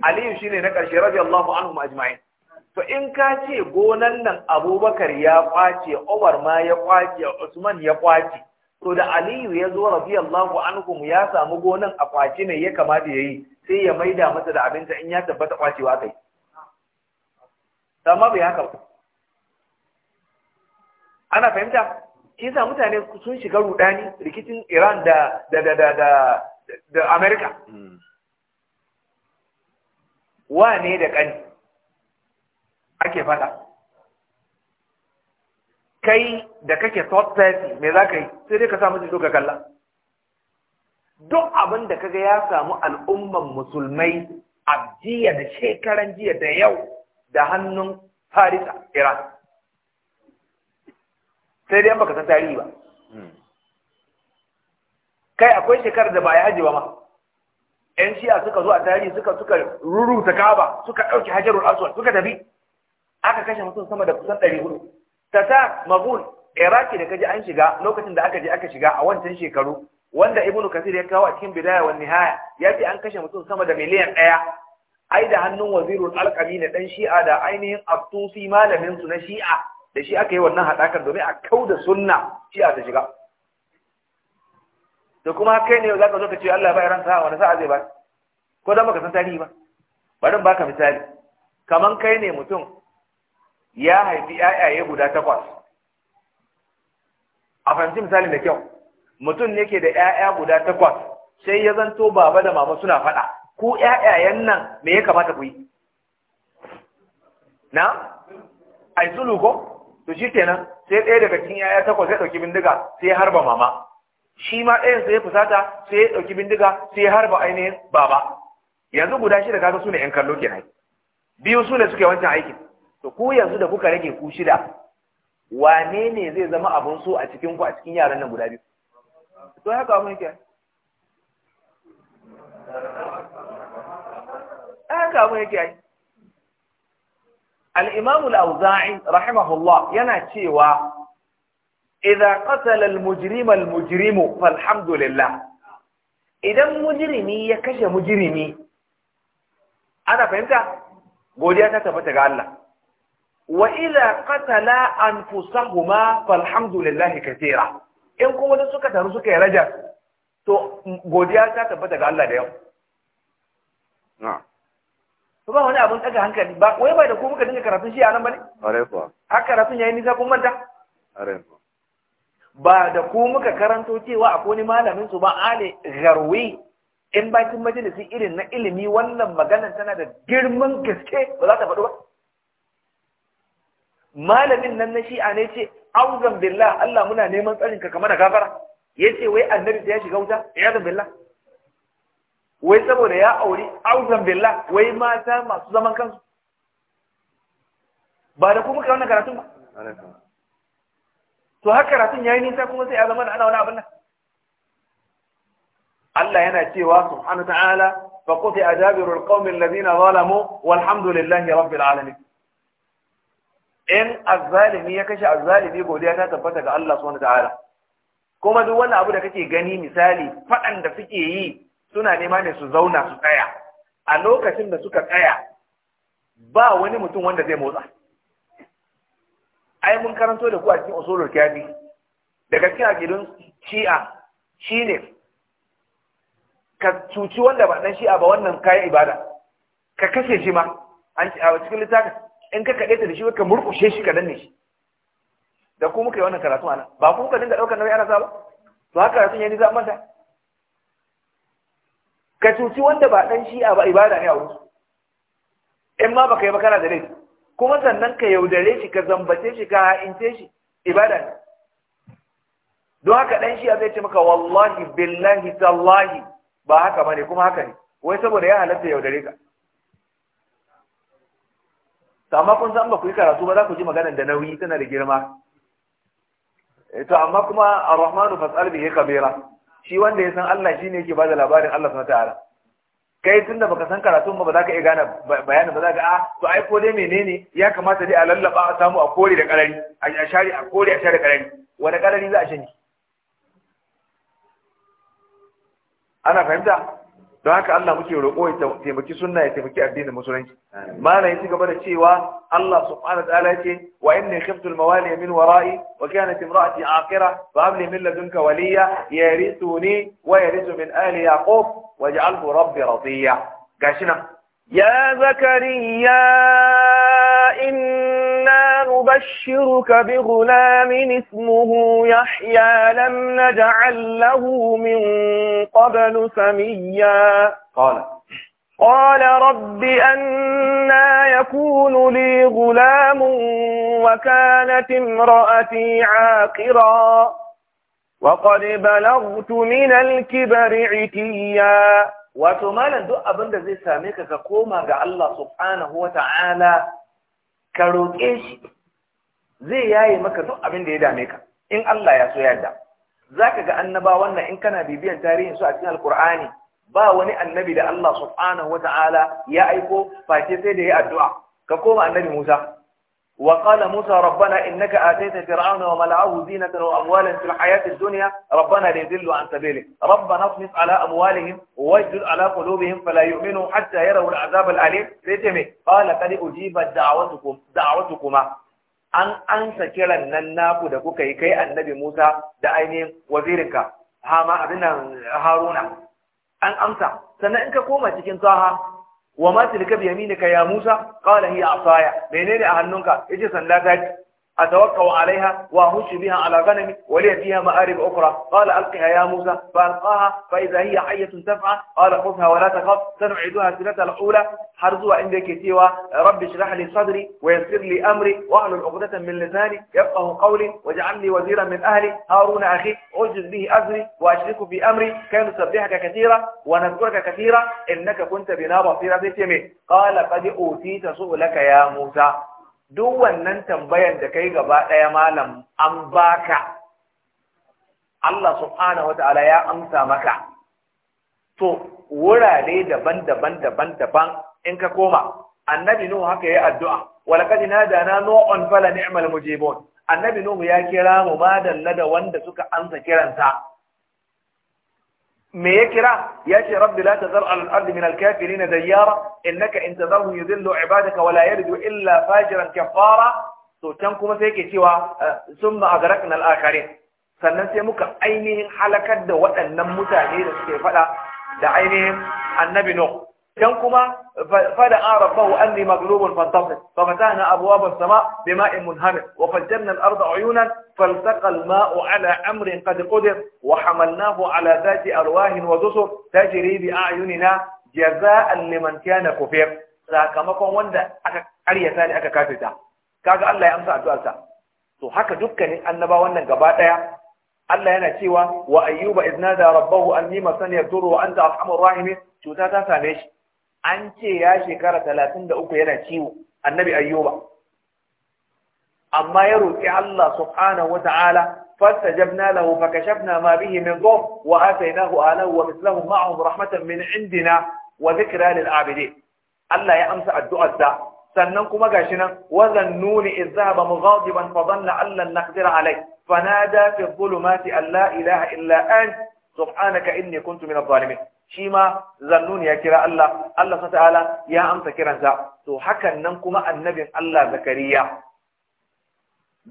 aliyu shine na karshe radiyallahu anhum ajma'in to in ka ce gonan nan abubakar ya kwace umar ma ya kwace usman ya kwace to da aliyu ya zo radiyallahu anhum ya samu gonan a kwace ne ya kamata yayi sai ya maida masa da abinta in ya tabbata kwacewa kai amma bai haka ana fahimta shi mutane sun shiga rudani rikicin Iran da da da da da America hmm. wane da kani ake fada kai da kake third party me za ka yi sai dai ka sa musu ka kalla duk abin da kaga ya samu al'umman musulmai a jiya da shekaran jiya da yau da hannun Farisa Iran sai dai baka san tarihi ba hmm. kai akwai shekarar da ba ya haji ba ma yan shi'a suka zo a tarihi suka suka ruruta kaba suka ɗauki hajarul aswad suka tafi aka kashe mutum sama da kusan ɗari hudu ta ta mabul iraki da kaji an shiga lokacin da aka je aka shiga a wancan shekaru wanda ibnu kasir ya kawo a cikin bidaya wa nihaya ya ce an kashe mutum sama da miliyan ɗaya ai da hannun wazirul alƙami na ɗan shi'a da ainihin abtusi malamin su na shi'a da shi aka yi wannan haɗakar domin a kau da sunna shi a ta shiga da kuma kai ne za ka zo ka ce Allah bai ran sa'a wani sa'a zai ba ko don baka san tarihi ba bari baka misali kaman kai ne mutum ya haifi yayaye guda takwas a fahimci misalin da kyau mutum ne ke da yaya guda takwas sai ya zanto baba da mama suna faɗa ku yayayen nan me ya kamata ku yi na ai sulu ko to shi kenan sai ɗaya daga cikin yaya takwas ya ɗauki bindiga sai ya harba mama shi ma ɗayan sai fusata sai ya ɗauki bindiga sai ya harba ainihin baba yanzu guda shida kaga su ne ‘yan kallo kenan biyu su ne suke wancan aikin to ku yanzu da kuka rage ku shida wane ne zai zama abun so a cikin ku a cikin yaran nan guda biyu to haka abun yake haka abun yake ai al-imam al-auza'i rahimahullah yana cewa idza qatala al-mujrima al-mujrimu falhamdulillah idan mujrimi ya kashe mujrimi ana fahimta godiya ta tabbata ga Allah wa idza qatala anfusahuma falhamdulillah in kuma da suka taru suka yi rajar to godiya ta tabbata ga Allah da yau to ba wani abin daga hankali ba wai bai da ku muka dinga karatun shi a nan bane are har karatun yayi nisa kun manta ba da ku muka karanto cewa akwai wani malamin su ba ale garwi in bakin majalisi irin na ilimi wannan maganar tana da girman gaske ba za ta faɗo ba malamin nan na shi'a ne ce auzan billah Allah muna neman tsarin ka kamar da gafara yace wai annabi sai ya shiga wuta ya zan billah wai saboda ya auri auzan billah wai mata masu zaman kansu ba da kuma wannan karatun ba to haka karatun ya yi nisa kuma sai a zama da ana wani abin nan Allah yana cewa subhanahu ta'ala fa qati ajabiru alqawmi alladhina zalamu walhamdulillahi rabbil alamin in azzalimi ya kashe azzalimi godiya ta tabbata ga Allah subhanahu ta'ala kuma duk wani abu da kake gani misali fadan da suke yi suna nema ne su zauna su tsaya a lokacin da suka tsaya ba wani mutum wanda zai motsa ai mun karanto da ku a cikin usulul kafi daga cikin aqidun shi'a shine ka cuci wanda ba dan shi'a ba wannan kayan ibada ka kashe shi ma an a cikin littafin in ka kade ta da shi ka murkushe shi ka danne shi da ku muka yi wannan karatu ana ba ku ka dinga daukar nauyi ana sa ba to haka karatun yayi za manta ka cuci wanda ba dan shi'a ba ibada ne a wurin in ma baka yi ba kana da laifi kuma sannan ka yaudare shi ka zambace shi ka ha'ince shi ibada ne don haka dan shi'a zai ce maka wallahi billahi tallahi ba haka bane kuma haka ne wai saboda ya halatta yaudare ka to amma kun san ba ku yi karatu ba za ku ji maganar da nauyi tana da girma eh, to amma kuma ar-rahmanu fas'al bihi kabira shi wanda ya san Allah shi ne yake bada labarin Allah subhanahu ta'ala kai tun da baka san karatun ba ba za ka iya gane bayanin ba za ka a ah, to ai ko dai menene ya kamata dai a lallaba a samu a kore da karari a share a kore a share karari wani karari za a shanye ana fahimta don haka Allah muke roƙo ya taimaki sunna ya taimaki addinin musulunci mana ya ci gaba da cewa Allah subhanahu wa ta'ala ce wa inni khiftu al-mawali min wara'i wa kanat imra'ati aqira fa hab li min ladunka waliya yarithuni wa yarithu min ali yaqub waj'alhu rabbi radiya gashi nan ya zakariya in نبشرك بغلام اسمه يحيى لم نجعل له من قبل سميا قال قال رب أنا يكون لي غلام وكانت امرأتي عاقرا وقد بلغت من الكبر عتيا wato malam duk abin da zai same ka ka koma ga Allah subhanahu wata'ala ka roƙe shi zai yaye maka duk abin da ya dame ka in Allah ya so yarda zaka ga annaba wannan in kana bibiyan tarihin su a cikin alqur'ani ba wani annabi da Allah subhanahu wata'ala ya aiko face sai da ya addu'a ka koma annabi Musa wa qala Musa rabbana innaka ataita fir'auna wa mala'ahu zinatan wa amwalan fil hayati dunya rabbana lidillu an sabilik rabbana afnis ala amwalihim wajdud ala qulubihim fala yu'minu hatta yarawu al-'adhab al-alim sai ce me qala qad ujibat da'watukum da'watukuma an ansa kiran nan naku da kuka yi kai annabi Musa da ainihin wazirinka hama abin nan Haruna an amsa sannan in ka koma cikin taha wa ma tilka bi yaminika ya Musa qala hiya asaya menene a hannunka yace sanda ta أتوقع عليها وأهش بها على غنمي ولي فيها مآرب أخرى قال ألقها يا موسى فألقاها فإذا هي حية تفعى قال خذها ولا تخف سنعيدها السنة الأولى حرزها عندك سوى رب اشرح لي صدري ويسر لي أمري واحلل عقدة من لساني يفقه قولي واجعل لي وزيرا من أهلي هارون أخي أجد به أزري وأشركه في أمري كي نسبحك كثيرا ونذكرك كثيرا إنك كنت بنا بصيرة يمين قال قد أوتيت سؤلك يا موسى duk wannan tambayan da kai gaba ɗaya malam an baka Allah subhanahu wata'ala ya amsa maka to wurare daban-daban daban-daban in ka koma annabi nuhu haka yayi addu'a walaqad nadana nu'un fala ni'mal mujibun annabi nuhu ya kira mu madalla da wanda suka amsa kiransa me ya kira ya ce rabbi la tazar al ardi min al kafirin dayyara innaka in tazarhum yudillu ibadaka wala yalidu illa fajiran kafara to can kuma sai ke cewa eh, summa agrakna al sannan sai muka ainihin halakar da waɗannan mutane da suke faɗa da ainihin annabi no. dan kuma fada arabahu anni maglubun fantasir fa fatahna abwab as-samaa bima'in munhamir wa fajjarna al-ardha 'uyunan faltaqa al-ma'u 'ala amrin qad qudir wa hamalnahu 'ala dhati arwahin wa dusur tajri bi a'yunina jazaa'an liman kana kufir sakamakon wanda aka karya sai aka kafita kaga Allah ya amsa addu'arsa to haka dukkanin annaba wannan gaba daya Allah yana cewa wa ayyuba idnada rabbahu anni masani yadur wa anta arhamur rahimin cuta ta same shi an ce ya shekara talatin da uku yana ciwo annabi ayyuba amma ya roƙi Allah subhanahu wa ta'ala فاستجبنا له فكشفنا ما به من ضر وآتيناه آله ومثله معهم رحمة من عندنا وذكرى للعابدين الله يا أمس الدعاء ده سننكم قاشنا وذنون إذ ذهب مغاضبا فظن أن لن نقدر عليه فنادى في الظلمات أن لا إله إلا أنت سبحانك إني كنت من الظالمين shi ma zannun ya kira Allah Allah sa ta'ala ya amsa kiransa to hakan nan kuma annabin Allah Zakariya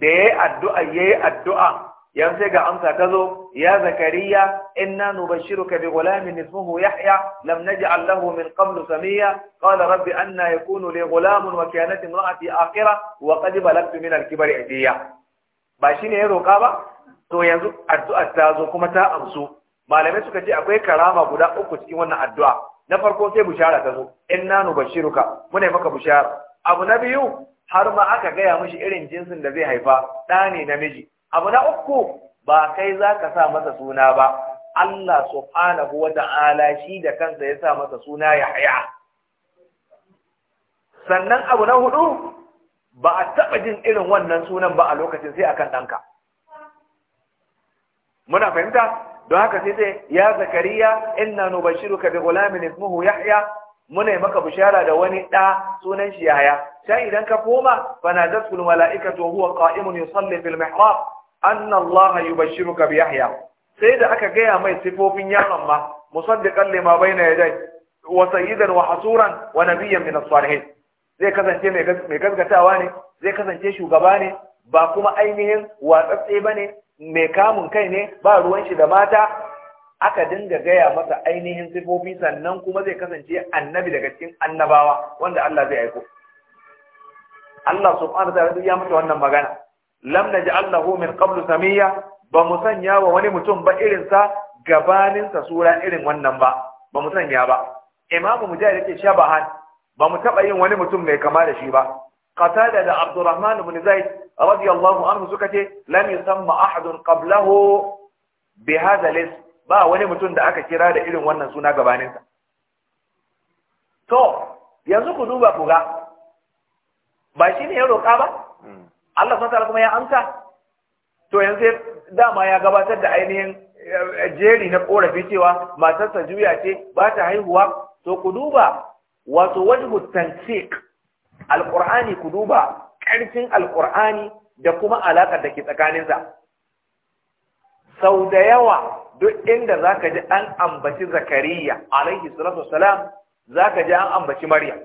da yayi addu'a yayi addu'a yan sai ga amsa ta zo ya Zakariya inna nubashshiruka bi ghulamin ismuhu Yahya lam naj'al lahu min qablu samiyya qala rabbi anna yakunu le ghulamun wa kanat imra'ati akhira wa qad balagtu min al ajiya. ba shine ya roka ba to yanzu addu'ar ta zo kuma ta amsu malamai suka ce akwai karama guda uku cikin wannan addu'a na farko sai bushara ta zo in na nubashiruka muna maka bushara abu na biyu har ma aka gaya mishi irin jinsin da zai haifa ɗa ne namiji abu na uku ba kai za ka sa masa suna ba Allah subhanahu wa ta'ala shi da kansa ya sa masa suna Yahaya. sannan abu na hudu ba a taɓa jin irin wannan sunan ba a lokacin sai akan ɗanka muna fahimta don haka sai sai ya zakariya inna ka bi gulamin ismuhu yahya muna maka bishara da wani ɗa sunan shi yahya sai idan ka koma fanadatul malaikatu wa huwa qa'imun yusalli fil mihrab anna allaha yubashiruka bi yahya sai da aka gaya mai sifofin yaron ma musaddiqan lima bayna yadayhi wa sayyidan wa hasuran wa nabiyyan min as-salihin zai kasance mai gaskatawa ne zai kasance shugaba ne ba kuma ainihin watsatse bane mai kamun kai ne ba ruwan shi da mata aka dinga gaya masa ainihin sifofi sannan kuma zai kasance annabi daga cikin annabawa wanda Allah zai aiko Allah subhanahu wa ta'ala ya mutu wannan magana lam naj'al min qablu samiyya ba mu sanya wa wani mutum ba irin sa gabanin sa sura irin wannan ba ba mu sanya ba Imam Mujahid yake shabahan ba mu taba yin wani mutum mai kama da shi ba Qatada da Abdurrahman ibn Zaid radiyallahu anhu suka ce lam yusamma ahadun qablahu bi hadha al ba wani mutum da aka kira da irin wannan suna gabaninsa to yanzu ku duba ku ga ba shine ya roƙa ba hmm. Allah subhanahu kuma ya amsa to yanzu dama ya gabatar da ainihin eh, jeri na korafi cewa matarsa juya ce ba ta haihuwa to ku duba wato wajhu tansiq alqur'ani ku duba ƙarfin alƙur'ani da kuma alaƙar da ke tsakaninsa sau da yawa duk inda za ka ji an ambaci zakariya alaihi salatu wasalam za ka ji an ambaci maryam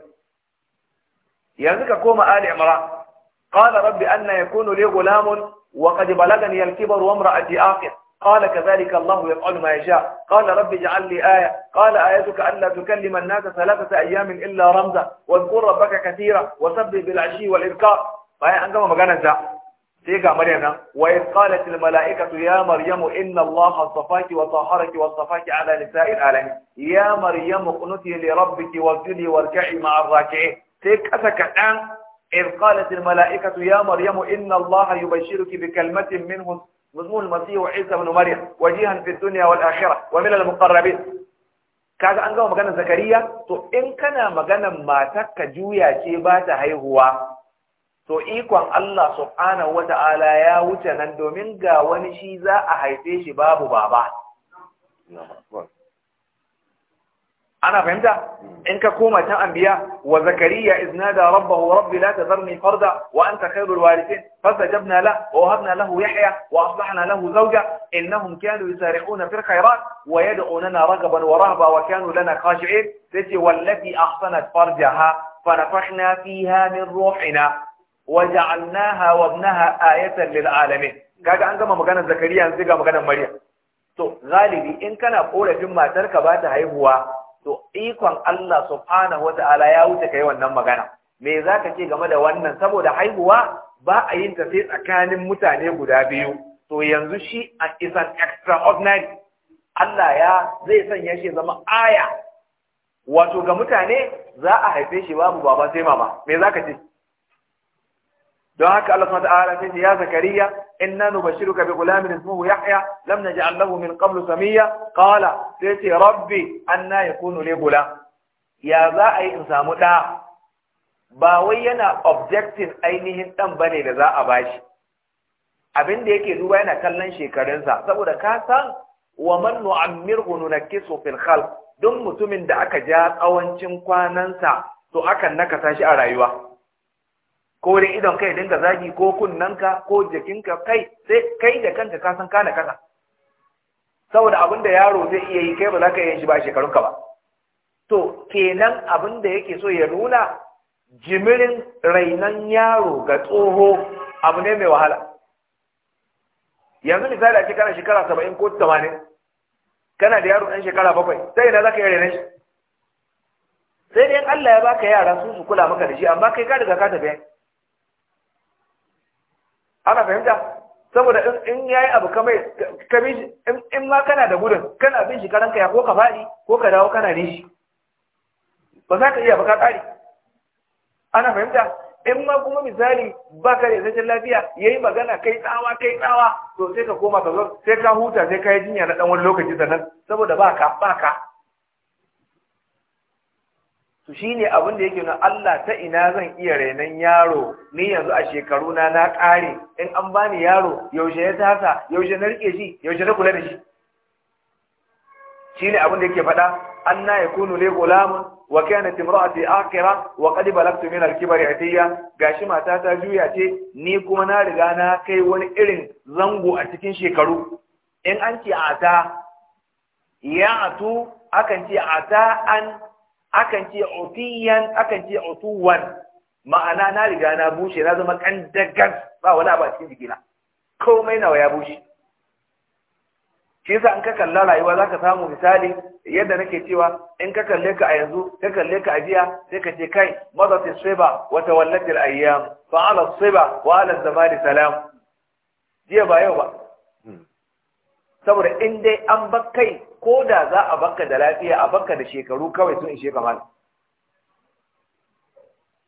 yanzu ka koma ali imra qala rabbi anna yakunu li ghulamun wa qad balagani al-kibru wa imra'ati aqir قال كذلك الله يفعل ما يشاء قال رب اجعل لي آية قال آيتك ألا تكلم الناس ثلاثة أيام إلا رمزا واذكر ربك كثيرا وسبب بالعشي والإذكار فهي أنت ما مجانا زع تيجا مريم وإذ قالت الملائكة يا مريم إن الله اصطفاك وطهرك واصطفاك على نساء العالمين يا مريم اقنتي لربك واسجدي واركعي مع الراكعين تيك أسك الآن إذ قالت الملائكة يا مريم إن الله يبشرك بكلمة منه مضمون المسيح عيسى بن مريم وجيها في الدنيا والآخرة ومن المقربين kaga an gama maganar zakariya to in kana maganar matar ka juya ce ba ta haihuwa to ikon Allah subhanahu wata'ala ya wuce nan domin ga wani shi za a haife shi babu baba ana fahimta in ka koma can anbiya wa zakariya iznada rabbahu rabbi la tazarni farda wa anta khairul warithin fastajabna la wa wahabna lahu yahya wa aslahna lahu zawja innahum kanu yusari'una fil khairat wa yad'unana ragaban wa rahba wa kanu lana khashi'in tati wallati ahsanat farjaha fanafakhna fiha min ruhina waja'alnaha wa ibnaha ayatan lil alamin kaga an gama maganar zakariya yanzu ga maganar maryam to galibi in kana korafin matarka ba ta haihuwa to ikon Allah subhanahu wata'ala ya wuce kai wannan magana me zaka ce game da wannan saboda haihuwa ba a yin ta sai tsakanin mutane guda biyu to yanzu shi is extra extraordinary Allah ya zai sanya shi zama aya wato ga mutane za a haife shi babu baba sai mama me zaka ce don haka Allah subhanahu wa ta'ala sai ya zakariya inna nubashiruka bi ghulamin ismuhu yahya lam naj'al lahu min qablu samiyya qala sai ce rabbi anna yakunu ne gulam ya za a yi in samu ɗa ba wai yana objektin ainihin ɗan bane da za a bashi abin da yake duba yana kallon shekarunsa saboda ka san wa man nu'ammirhu nunakkisu fil khalq duk mutumin da aka ja tsawancin kwanansa to akan nakasa shi a rayuwa ko dai idon kai dinga zagi ko kunnanka ko jikinka kai sai kai da kanka ka san kana kasa saboda abin da yaro zai iya yi kai ba za ka yi shi ba shekarunka ba to kenan abin da yake so ya nuna jimirin rainan yaro ga tsoho abu ne mai wahala yanzu misali a cikin shekara saba'in ko tamanin kana da yaro ɗan shekara bakwai sai ina za ka yi rainan shi sai dai Allah ya baka yara su su kula maka da shi amma kai ka riga ka tafi ana fahimta saboda in yayi abu kamar ka in ma kana da gudun kana bin shi karanka ya ko ka faɗi ko ka dawo kana rishi ba za ka iya ba ka ƙari ana fahimta in ma kuma misali ba ka da isasshen lafiya ya yi magana kai tsawa kai tsawa to sai ka koma ka zo sai ka huta sai ka yi jinya na ɗan wani lokaci sannan saboda ba ka ba ka to ne abin da yake na Allah ta ina zan iya renon yaro ni yanzu a shekaru na na ƙare in an bani yaro yaushe ya tasa yaushe na rike shi yaushe na kula da shi Shi ne abin da yake faɗa ya kunu ne gulamu wa kanat imra'ati akira wa qad balagtu min al-kibri atiya gashi mata ta juya ce ni kuma na riga na kai wani irin zango a cikin shekaru in an ce ata ya atu akan ce ata an akan ce utiyan akan ce ma'ana na riga na bushe na zama kandagar ba wani abu a cikin jikina komai nawa ya bushe shi yasa in ka kalla rayuwa za ka samu misali yadda nake cewa in ka kalle ka a yanzu ka kalle ka a jiya sai ka ce kai ta siba wa tawallat al ayyam fa ala siba wa ala zamani salam jiya ba yau ba hmm. saboda in dai an bar kai ko da za a baka da lafiya a baka da shekaru kawai sun ishe kamar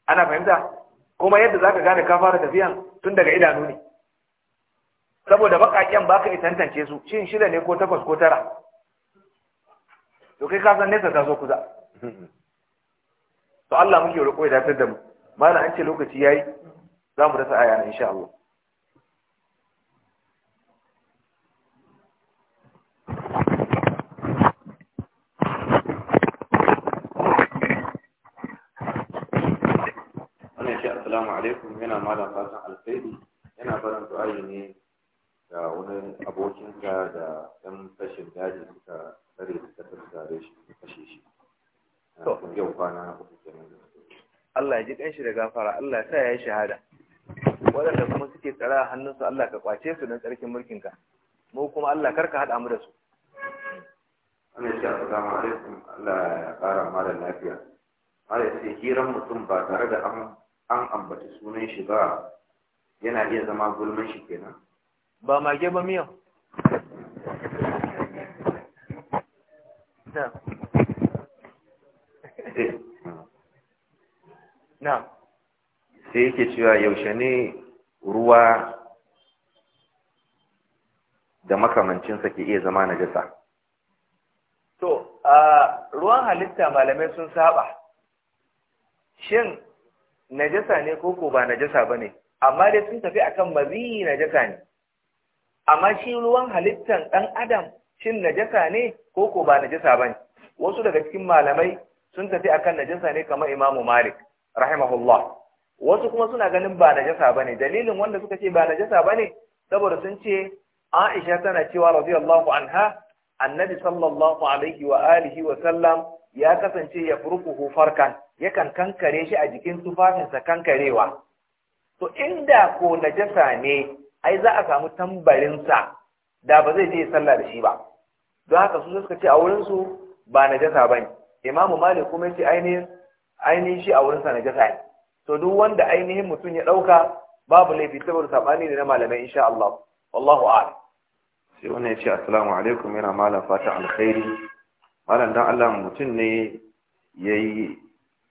ana fahimta kuma yadda za ka gane ka fara tafiya tun daga idanu ne saboda bakaken baka ka tantance su cin shida ne ko takwas ko tara to kai ka san nesa ta so kusa to Allah muke roƙo ya dafar da mu malam an ce lokaci yayi za mu rasa aya insha Allah assalamu alaikum yana malam fatan alkhairi yana barin du'a'i ne ga wani abokinka da ɗan fashin daji suka tsare suka tattare shi kashe shi yau kwana uku kenan Allah ya ji shi da gafara Allah ya sa ya yi shahada waɗanda kuma suke tsara a hannunsu Allah ka kwace su don tsarkin mulkinka mu kuma Allah kar ka haɗa mu da su Allah ya ce assalamu alaikum Allah ya ƙara malam lafiya Allah ya ce hiran mutum ba tare da an an ambata sunan shi ba yana iya zama gulman shi kenan ba mage ba miyo na eh. sai yake cewa yaushe ne ruwa da makamancinsa ke iya zama na jasa to a ruwan halitta malamai sun saba shin najasa ne ko ko ba najasa ba ne amma dai sun tafi akan mazi najasa ne amma shi ruwan halittan ɗan adam shin najasa ne ko ko ba najasa ba ne wasu daga cikin malamai sun tafi akan najasa ne kamar imamu malik rahimahullah wasu kuma suna ganin ba najasa ba ne dalilin wanda suka ce ba najasa ba ne saboda sun ce aisha tana cewa radiyallahu anha annabi sallallahu alaihi wa alihi wa sallam ya kasance ya furku farkan yakan kankare shi a jikin tufafinsa kankarewa to inda ko najasa ne ai za a samu tambarinsa da ba zai je sallah da shi ba don haka su suka ce a wurinsu ba najasa ba ne imamu malik kuma ce ainihin shi a wurinsa najasa ne to duk wanda ainihin mutum ya ɗauka babu laifi saboda saɓani ne na malamai insha Allah wallahu a'lam sai wani ya ce assalamu alaikum yana malam fata alkhairi malam dan Allah mutum ne yayi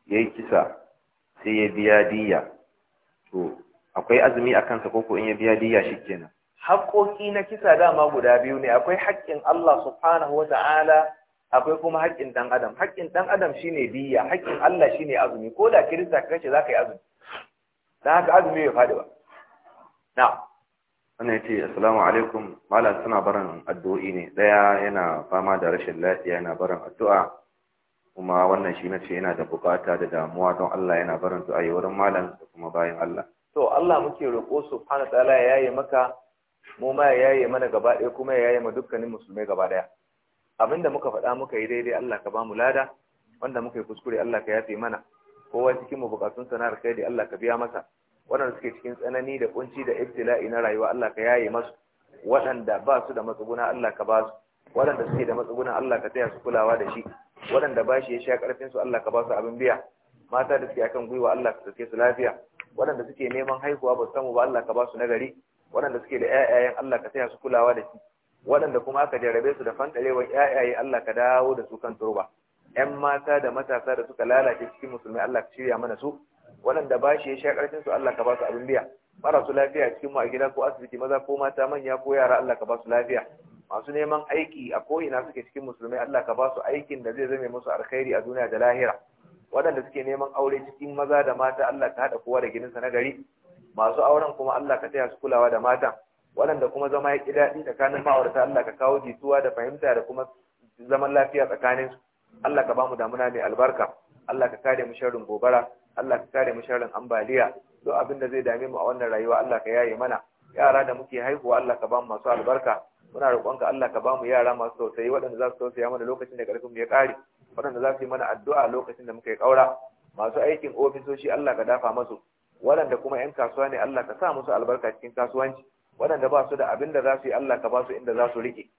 ya yi kisa sai ya biya diya to akwai azumi a kansa koko in ya biya diya shi kenan haƙoƙi na kisa dama guda biyu ne akwai haƙƙin Allah subhanahu wa ta'ala akwai kuma haƙƙin ɗan adam haƙƙin ɗan adam shine diya haƙƙin Allah shine azumi ko da kirista ka kace za yi azumi dan haka azumi ya faɗi ba na'am wannan yace assalamu alaikum malam suna barin addu'o'i ne daya yana fama da rashin lafiya yana barin addu'a kuma wannan shi ce yana da bukata da damuwa don Allah yana barin du'a wurin malam da kuma bayan Allah to Allah muke roƙo subhanahu ta'ala ya yaye maka mu ma ya yaye mana gaba ɗaya kuma ya yaye ma dukkanin musulmai gaba ɗaya abinda muka faɗa muka yi daidai Allah ka bamu lada wanda muka yi kuskure Allah ka yafe mana kowa cikin mu bukatun sana'ar kai da Allah ka biya masa waɗanda suke cikin tsanani da kunci da ibtila'i na rayuwa Allah ka yaye masu waɗanda ba su da matsuguna Allah ka ba su waɗanda suke da matsuguna Allah ka taya su kulawa da shi waɗanda shi ya sha ƙarfinsu Allah ka ba su abin biya mata da suke akan gwiwa Allah ka sake su lafiya waɗanda suke neman haihuwa ba samu ba Allah ka ba su nagari waɗanda suke da ƴaƴayen Allah ka taya su kulawa da shi waɗanda kuma aka jarabe su da fantarewar ƴaƴaye Allah ka dawo da su kan turba ƴan mata da matasa da suka lalace cikin musulmi Allah ka shirya mana su waɗanda shi ya sha ƙarfinsu Allah ka ba su abin biya marasu lafiya cikin mu a gida ko asibiti maza ko mata manya ko yara Allah ka ba su lafiya masu neman aiki a ko'ina suke cikin musulmai Allah ka ba su aikin da zai zame musu alkhairi a duniya da lahira waɗanda suke neman aure cikin maza da mata Allah ka haɗa kowa da gininsa na gari masu auren kuma Allah ka taya su kulawa da mata waɗanda kuma zama ya ƙi daɗi tsakanin ma'aurata Allah ka kawo jituwa da fahimta da kuma zaman lafiya tsakaninsu Allah ka ba mu damuna mai albarka Allah ka kare mu sharrin gobara Allah ka kare mu sharrin ambaliya duk abin da zai dame mu a wannan rayuwa Allah ka yaye mana yara da muke haihuwa Allah ka ba mu masu albarka muna roƙonka Allah ka bamu yara masu tausayi waɗanda za su tausaya mana lokacin da ƙarfin ya ƙare waɗanda za su yi mana addu'a lokacin da muka yi ƙaura masu aikin ofisoshi Allah ka dafa masu waɗanda kuma 'yan kasuwa ne Allah ka sa musu albarka cikin kasuwanci waɗanda ba su da abin da za su yi Allah ka ba su inda za su riƙe.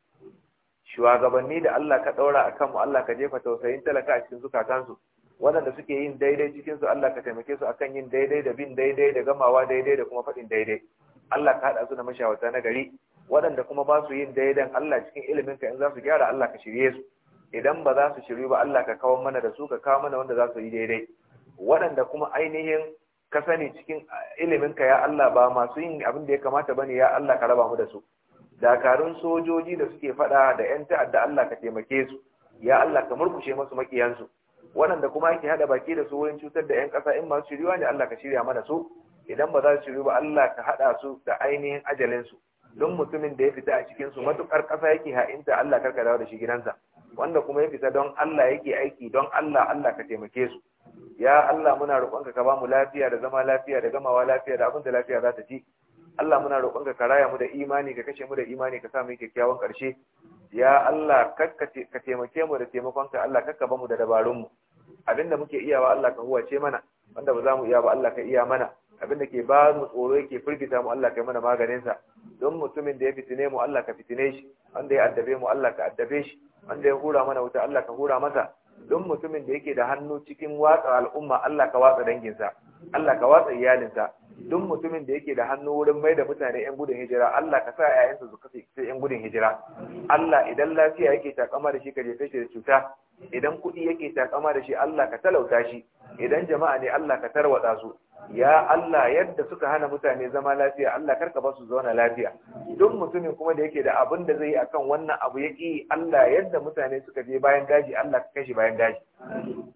shugabanni da Allah ka ɗaura a kanmu Allah ka jefa tausayin talaka a cikin zukatansu waɗanda suke yin daidai cikin su Allah ka taimake su akan yin daidai da bin daidai da gamawa daidai da kuma faɗin daidai Allah ka haɗa su da mashawarta na gari waɗanda kuma ba su yin daidan Allah cikin iliminka in za su gyara Allah ka shirye su idan ba za su shiryu ba Allah ka kawo mana da su ka kawo mana wanda za su yi daidai waɗanda kuma ainihin ka sani cikin iliminka ya Allah ba masu yin abin da ya kamata bane ya Allah ka raba mu da su dakarun sojoji da suke faɗa da ƴan ta'adda Allah ka taimake su ya Allah ka murkushe masu makiyansu waɗanda kuma ake haɗa baki da su wurin cutar da ƴan ƙasa in masu shiriwa ne Allah ka shirya mana su idan ba za su shiryu ba Allah ka haɗa su da ainihin ajalinsu don mutumin da ya fita a cikin su matukar kasa yake ha'inta Allah karka dawo da shi gidansa wanda kuma ya fita don Allah yake aiki don Allah Allah ka taimake su ya Allah muna roƙonka ka bamu lafiya da zama lafiya da gamawa lafiya da abin da lafiya za ta ci Allah muna roƙonka ka raya mu da imani ka kashe mu da imani ka sa mu kyakkyawan ƙarshe ya Allah ka taimake mu da taimakonka Allah kakka bamu da dabarun mu abinda muke iyawa Allah ka huwace mana wanda ba za mu iya ba Allah ka iya mana abin da ke ba mu tsoro yake firgita mu Allah kai mana maganin sa don mutumin da ya fitine mu Allah ka fitine shi wanda ya addabe mu Allah ka addabe shi wanda ya hura mana wuta Allah ka hura masa don mutumin da yake da hannu cikin watsa al'umma Allah ka watsa danginsa Allah ka watsa iyalinsa don mutumin da yake da hannu wurin mai da mutane 'yan gudun hijira Allah ka sa 'ya'yansa su kafe 'yan gudun hijira Allah idan lafiya yake takama da shi ka jefe shi da cuta idan kuɗi yake takama da shi Allah ka talauta shi idan jama'a ne Allah ka tarwatsa su ya Allah yadda suka hana mutane zama lafiya Allah karka ba su zauna lafiya duk mutumin kuma da yake da abin da zai yi akan wannan abu yake Allah yadda mutane suka je bayan daji Allah ka kashe bayan daji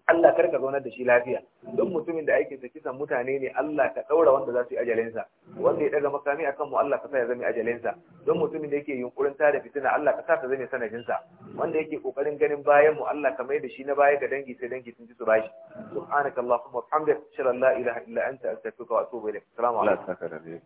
Allah kar ka zaunar da shi lafiya don mutumin da aikinsa kisan mutane ne Allah ka ɗaura wanda za su yi sa wanda ya daga makami akan kanmu Allah ka sa ya zame ajalinsa don mutumin da yake yunkurin tada fitina Allah ka sa ta zame sa wanda yake kokarin ganin bayan mu Allah ka mai da shi na baya ga dangi sai dangi sun ji su bashi subhanakallahumma wa bihamdika ashhadu an la ilaha illa anta astaghfiruka wa atubu assalamu alaikum